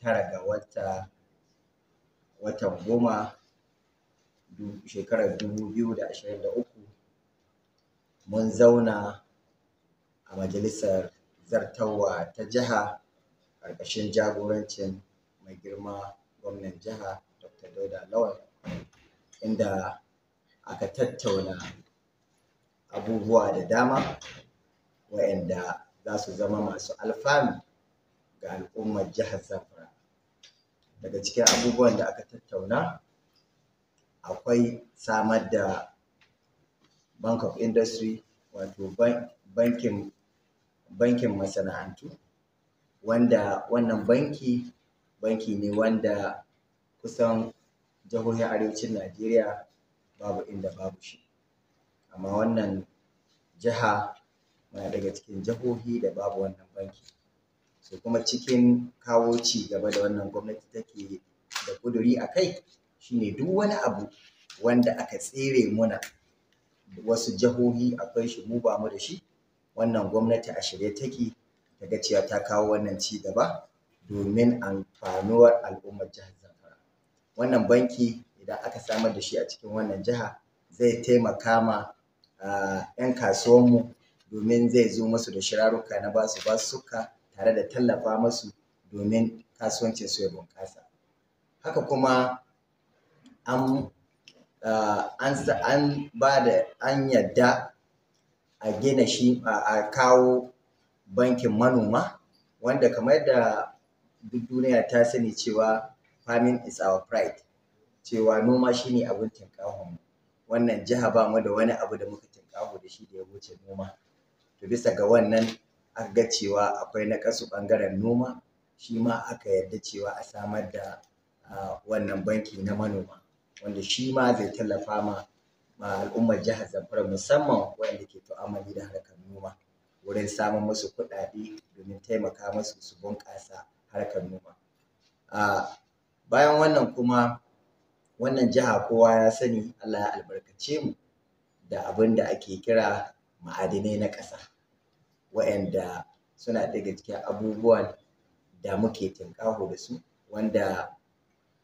tara ga wata watan goma shekarar dubu biyu da ashirin da uku mun zauna a majalisar zartawa ta jiha ƙarƙashin jagorancin mai girma gwamnan jiha dr dauda lawal inda aka tattauna abubuwa da dama waɗanda za su zama masu alfanu ga al'ummar jihar Zamfara. Daga cikin abubuwan da aka tattauna akwai samar da Bank of Industry wato bankin bankin masana'antu wanda wannan banki banki ne wanda kusan jihohin arewacin Najeriya babu inda babu shi. Amma wannan jiha na daga cikin jihohi da babu wannan banki. so kuma cikin kawo ci gaba da wannan gwamnati take da ƙuduri a kai shine duk wani abu wanda aka tsere muna wasu jahohi akwai shi mu ba mu da shi wannan gwamnati a shirye take ta ga cewa ta kawo wannan ci gaba domin amfanuwar al'ummar jihar Zamfara wannan banki idan aka samar da shi a cikin wannan jiha zai taimaka ma ah, 'yan kasuwanmu domin zai zo musu da shirarruka na basu basuka tare da tallafa masu domin kasuwancin su ya bunƙasa haka kuma an uh, an ba da an yadda a gina shi a kawo bankin manoma wanda kamar da duk duniya ta sani cewa farming is our pride cewa noma shine abin mu wannan jiha ba mu da wani abu da muka tinkaho da shi da ya wuce noma to bisa ga wannan a ga cewa akwai na kasu ɓangaren noma shi ma aka yarda cewa a samar da wannan banki na manoma wanda shi ma zai tallafa ma al'ummar jihar zamfara musamman waɗanda ke tu'amali da harkar noma wurin samun musu kuɗaɗe domin taimaka musu su bunƙasa harkar noma bayan wannan kuma wannan jiha kowa ya sani allah ya albarkace mu da abin da ake kira ma'adinai na ƙasa waɗanda suna daga cikin abubuwan da muke tinƙaho da su wanda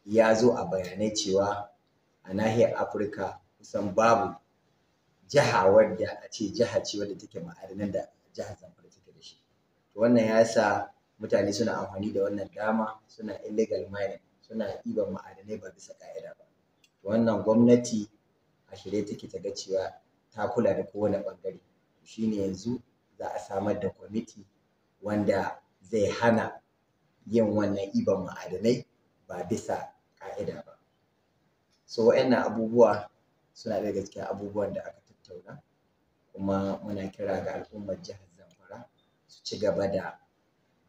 ya zo a bayanai cewa a nahiyar afirka kusan babu jiha wadda a ce jiha ce wadda take ma'adanan da jiha zamfara take da shi wannan ya sa mutane suna amfani da wannan dama suna illegal mining suna ɗiban ma'adanai ba bisa ƙa'ida ba wannan gwamnati a shirye take ta ga cewa ta kula da kowane ɓangare shine yanzu za a samar da kwamiti wanda zai hana yin wannan iban ma'adanai ba bisa ƙa'ida ba so waɗannan abubuwa suna daga cikin abubuwan da aka tattauna kuma muna kira ga al'ummar jihar zamfara su ci gaba da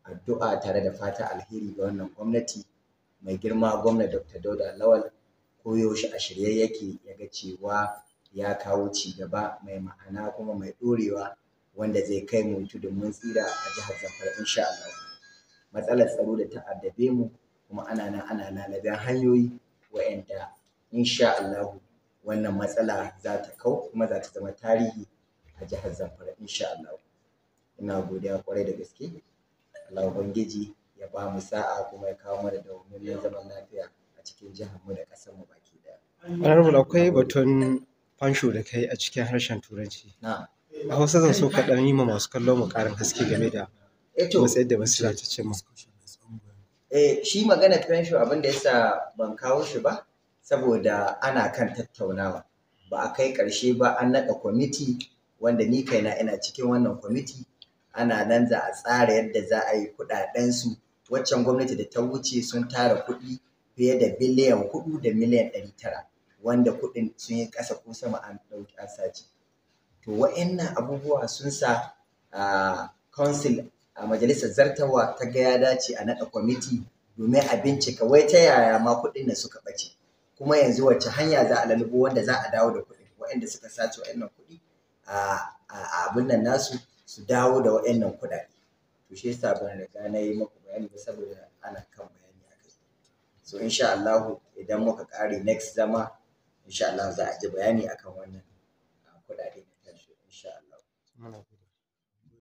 addu'a tare da fata alheri ga wannan gwamnati mai girma gwamna dr dauda lawal koyaushe a shirye yake ya ga cewa ya kawo ci gaba mai ma'ana kuma mai ɗorewa wanda zai kai mu tudun mun tsira a jihar Zamfara insha Allah. Matsalar tsaro da ta addabe mu kuma ana nan ana lalaben hanyoyi wa'yanda insha Allah wannan matsala za ta kau kuma za ta zama tarihi a jihar Zamfara insha Allah. Ina godiya kwarai da gaske. Allah Ubangiji ya ba mu sa'a kuma ya kawo mana da dawwammamin zaman lafiya a cikin jihar mu da ƙasar mu baki daya. Honorable akwai batun fansho da kai a cikin harshen Turanci. Na'am. a wasu zan so kaɗan yi ma masu kallo mu ƙarin haske game da eh matsayin da masu ta ce mu. Eh, shi magana fensho abin da yasa ban kawo shi ba saboda ana kan tattaunawa ba a kai ƙarshe ba an naɗa kwamiti wanda ni kaina ina cikin wannan kwamiti ana nan za a tsara yadda za a yi kuɗaɗen su, waccan gwamnati da ta wuce sun tara kuɗi fiye da biliyan hudu da miliyan ɗari tara wanda kuɗin sun yi ƙasa ko sama an ɗauki an sace to wa'annan abubuwa sun sa council a majalisar zartawa ta ga ya dace a naɗa kwamiti domin a bincika wai ta yaya ma kuɗin da suka ɓace kuma yanzu wacce hanya za a lalubo wanda za a dawo da kuɗi waɗanda suka sace waɗannan kuɗi a abin nan nasu su dawo da waɗannan kuɗaɗe to shi yasa ban riga na yi maku bayani ba saboda ana kan bayani a kai so insha Allah idan muka ƙare next zama insha Allah za a ji bayani akan wannan kuɗaɗe insha Allah